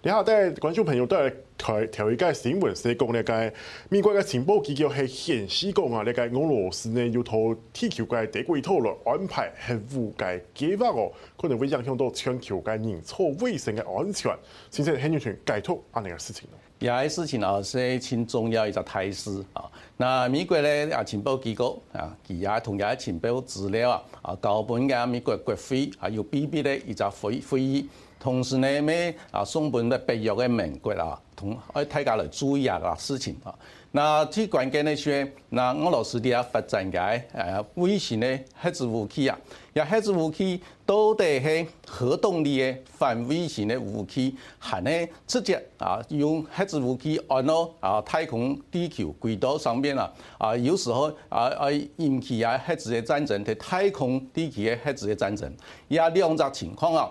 你好，都係觀眾朋友，都係睇睇依家新聞是講咧，介美國嘅情報機構係顯示講啊，你介俄羅斯呢要套地球嘅地基套來安排係烏界嘅計劃個，可能會影響到全球嘅人造衛星嘅安全，先先係完全戒脱啊呢個事情。呢個事情啊，先重要一個態勢啊。那美國呢？啊，情報機構啊，佢也同樣嘅情報資料啊，啊舊本嘅美國國會啊要召開咧一集會會議。同時呢，要送北約嘅盟國啊，同大家來注意下事情啊。那最關鍵嘅係，那俄羅斯啊，發展嘅呃，微型的核子武器啊，又核子武器都係核動力的反微型的武器，還咧直接啊用核子武器安落啊太空地球軌道上面啦。啊、呃，有時候啊啊、呃、引起啊核子的戰爭，喺太空地球的核子的戰爭有兩種情況啊。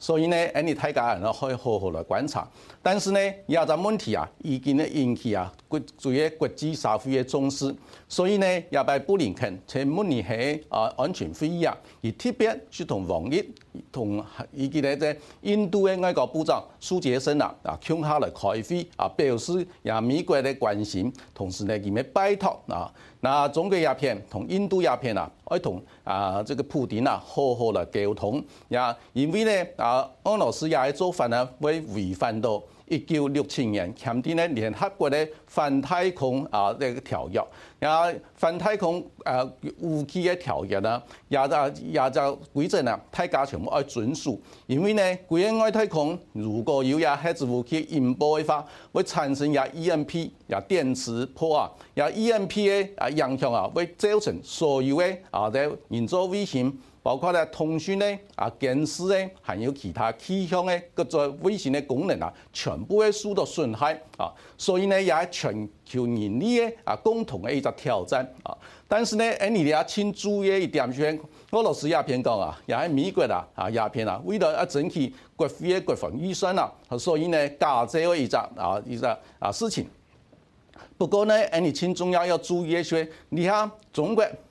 所以咧，誒你睇家人都可以好好來觀察，但是呢，亞洲問題啊已經咧引起啊國主要國際社會嘅重視。所以咧，也係布林肯前慕尼黑啊安全會議啊，以特別説同王毅同以及呢印度嘅外交部長蘇杰生啊啊，共下來開會啊，表示也美國嘅關心，同時呢，佢咪拜託啊，那中國鴉片同印度鴉片啊，愛同啊這個普丁啊，好好來溝通，也因為呢。啊！俄羅斯也做法啊，會違反到一九六七年簽訂呢聯合國呢反太空啊呢個條約。然後反太空啊武器嘅條約也在也就規則，啊，太家全部要遵守，因為呢個外太空如果有核子武器引爆的話，會產生也 EMP 也電磁波啊，也 EMP 嘅啊影響啊，會造成所有嘅啊嘅人造衛星，包括咧通訊、咧、啊電視咧，還有其他氣象咧，各種衛星嘅功能啊，全部咧受到損害啊，所以咧也係全球人類嘅啊共同的一個挑戰。啊。但是咧，誒你哋也請注意一點先，俄羅斯也偏講啊，也係美國啦、啊亞洲啦，為咗爭取國會嘅國防預算啦，所以咧加咗一個啊一個啊事情。不過，咧，誒你請中央要注意一先，你看中國。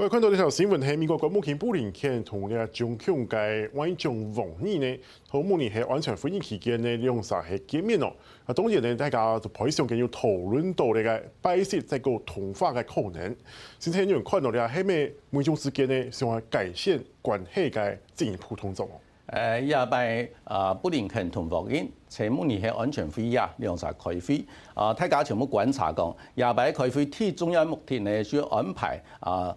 喂，看到呢條新聞，係美國國務卿布林肯同啊中將嘅外長王毅呢，和慕尼黑安全會議期間呢兩次黑見面咯。啊，當然呢，大家就開始想有討論到呢個拜習再個通話嘅可能。先睇下你又看到咧係咩？兩種事件咧，上個改善關係嘅進一步動作。誒、呃，廿八啊，布林肯同王毅在慕尼黑安全會議啊兩次開會。啊、呃，大家全部觀察講廿八開會，T 中央目的呢，需要安排啊。呃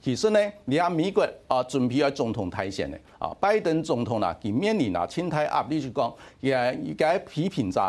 其實呢，你阿美國啊準備要總統大選嘅，啊拜登總統啦、啊，佢面臨啊青台壓力就講，而家批評者，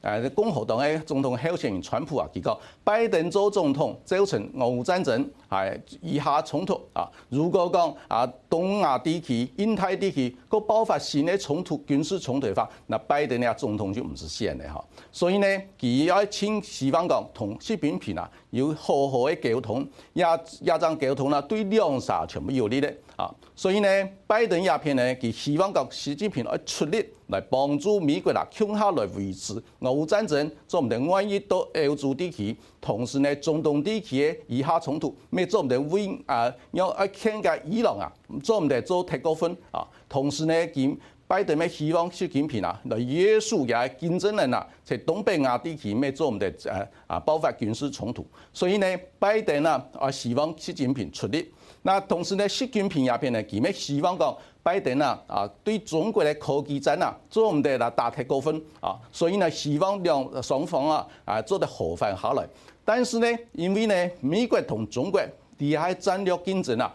而家共和黨的總統候選人川普啊，佢講拜登做總統造成俄烏戰爭。係以下衝突啊！如果講啊東亞地區、印太地區個爆發新的衝突、軍事衝突嘅話，那拜登嘅總統就唔是現嘅嚇。所以呢，佢要請西方國同習近平啊，有好好嘅溝通，一一陣溝通啦，對兩沙全部有利嘅啊。所以呢，拜登一片呢，佢西方國習近平來出力來幫助美國人向下來維持俄烏戰爭，做唔定萬一到歐洲地區。同時呢，中東地區嘅以哈衝突咩做唔定 w 啊，為要要一傾伊朗啊，做唔定做太過分啊。同時呢，佢拜登呢，希望習近平啊來約束下金正恩啊，在東北亞地區，咩做唔定誒啊，啊爆發軍事衝突，所以呢，拜登啦啊希望習近平出力。那同時呢，習近平呀邊呢，佢咪希望講拜登啊，啊對中國的科技戰啊，做唔得啦，打太高分啊，所以呢，希望兩雙方啊，啊做得和諧下來。但是呢，因為呢，美國同中國喺度戰略競爭啊。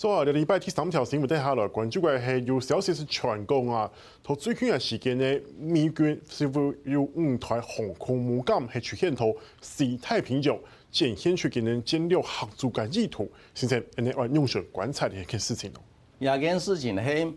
所以第禮拜啲三條新聞唔得下來，最主要係要消息是傳講啊！同最近嘅時間咧，美軍似乎有五台航空母艦係出現喺西太平洋，先顯出佢哋建立合作嘅意圖，形成一個用人觀察嘅一件事情咯。第二件事情係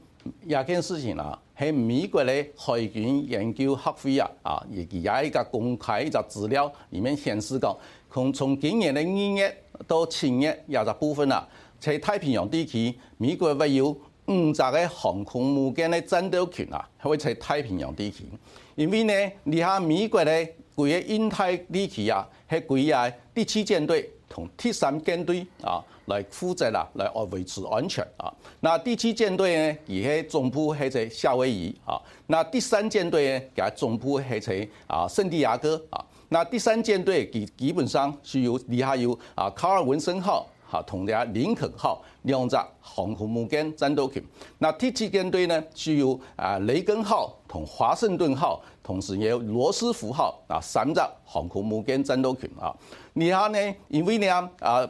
第二件事情啦，係美國咧海軍研究學會啊，亦亦有一個公開一個資料，裏面顯示講，從從今年嘅二月到七月有一部分啊。在太平洋地區，美國要有五隻嘅航空母艦嘅戰鬥群啊！喺在太平洋地區，啊、因為咧，而家美國咧，佢嘅印太地區啊，係佢嘅第七艦隊同第三艦隊啊，來負責啦、啊啊，來維持安全啊。那第七艦隊咧，以喺總部喺在夏威夷啊。那第三艦隊咧，佢總部喺在啊聖地牙哥啊。那第三艦隊佢基本上是由而家有啊卡爾文森號。啊，同林肯號兩隻航空母艦戰鬥群，那第七艦隊呢，是由啊雷根號同華盛頓號，同時也有羅斯福號啊三隻航空母艦戰鬥群啊。然後呢，因為呢啊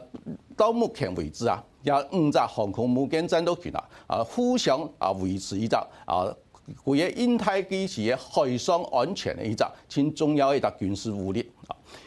到目前為止啊有五隻航空母艦戰鬥群啦，啊互相啊維持一隻啊為咗印太地區海上安全的一隻，最重要一個軍事武力。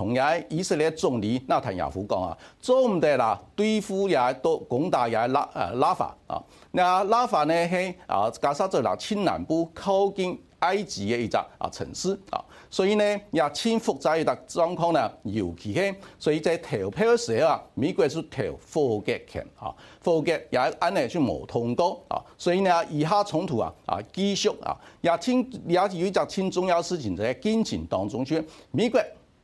同樣，以色列總理納坦雅夫講啊，做唔得啦，對付也到攻打也拉誒拉法啊。那拉法呢喺啊加沙州啦，青南部靠近埃及嘅一隻啊城市啊，所以呢也千複雜嘅狀況呢，尤其係所以在投票時候啊，美國就投否決權啊，否決也按呢就無通過啊，所以呢以下衝突啊啊繼續啊，也千也有一隻千重要事情在進程當中，即係美國。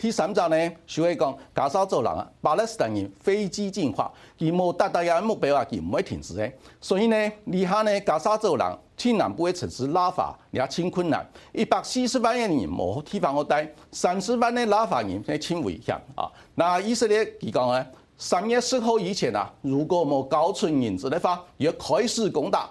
第三就呢，就會講加沙走廊啊，巴勒斯坦人飛機進化，佢冇達到嘅目標啊，佢唔會停止嘅，所以呢，而家呢加沙走廊，佢南部嘅城市拉法，而家清困難一百四十萬嘅人冇地方可待，三十萬嘅拉法人先清危險。啊！那以色列佢講咧，三月十號以前啊，如果冇搞出人質嘅話，要開始攻打。